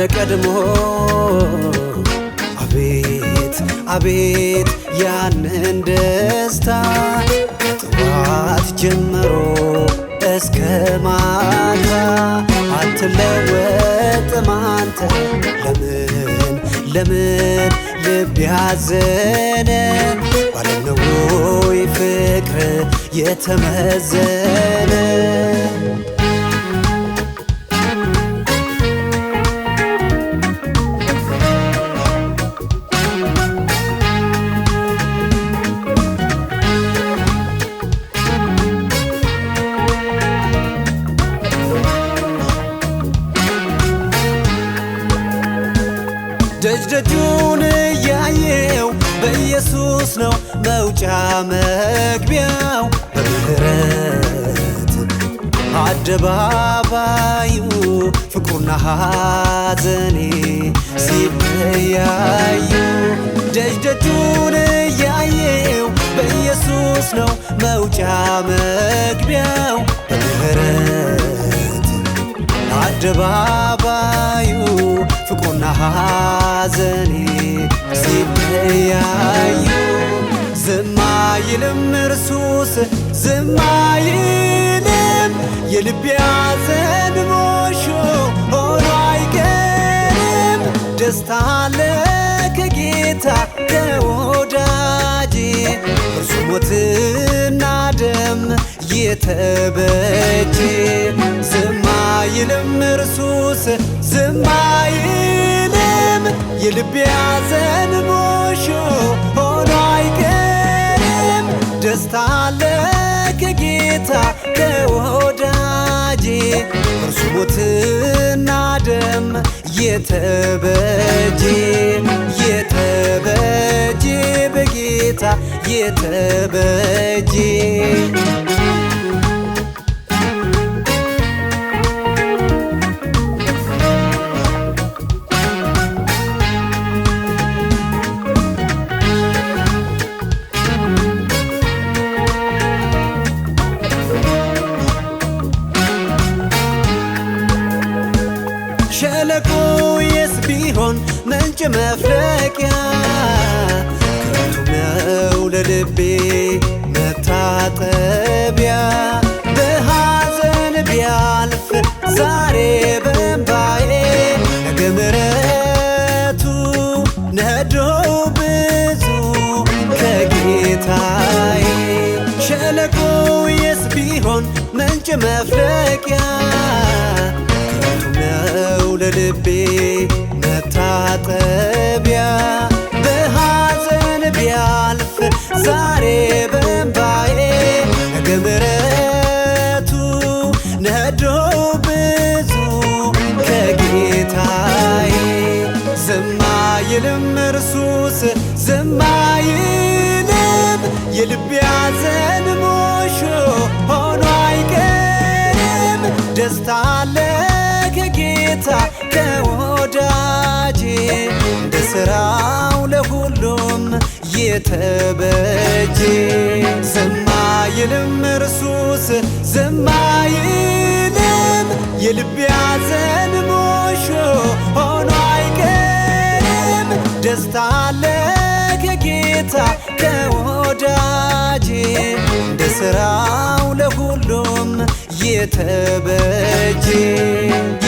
እንደ ቀድሞ አቤት አቤት ያንን ደስታ ጥዋት ጀምሮ እስከ ማታ አትለወጥም አንተ ለምን ለምን ልብ ያዘነ ባለነው ፍቅር የተመዘነ ደጅደጁን እያየው በኢየሱስ ነው መውጫ መግቢያው በምህረት አደባባዩ ፍቅሩና ሐዘኔ ሲተያዩ ደጅደጁን ደጁን እያየው በኢየሱስ ነው መውጫ መግቢያው በምህረት አደባባዩ ፍቅሩና ሐዘኔ ሲተያዩ ዝም እርሱስ ዝም የልቤ ሐዘን ሞሾ ሆኖ አይቀርም። ደስታ አለ ከጌታ ከወዳጄ እርሱ ሞትና ደም የተበጀ እርሱስ የልቤ ሐዘን ሙሾ ሆኖ አይቀርም። ደስታ አለ ከጌታ ከወዳጄ እርሱ ሞትና ደም የተበጀ የተበጀ በጌታ የተበጀ ሸለቆ የስ ቢሆን ምንጭ መፍለቂያ ክረምቱ ነው ለልቤ መታጠቢያ በሐዘን ቢያልፍ ዛሬ በእንባዬ ነገ ምሕረቱ ነዶ ብዙ ከጌታዬ ሸለቆ የስ ቢሆን ምንጭ መፍለቂያ ለልቤ መታጠቢያ በሐዘን ቢያልፍ ዛሬ በእንባዬ ነገ ምሕረቱ ነዶ ብዙ ከጌታዬ ዝም አይልም እርሱስ ዝም አይልም የልቤ ሐዘን ሞሾ ሆኖ አይቀርም ደስታ አለ ከጌታ ከወዳጄ እንደ ሥራው ለሁሉም የተበጀ ዝማ ይልም እርሱስ ዝማ ይልም የልቤ ሐዘን ሙሾ ሆኖ አይቀርም። ደስታ አለ ከጌታ ከወዳጄ እንደ ሥራው ለሁሉም የተበጀ